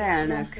elnök.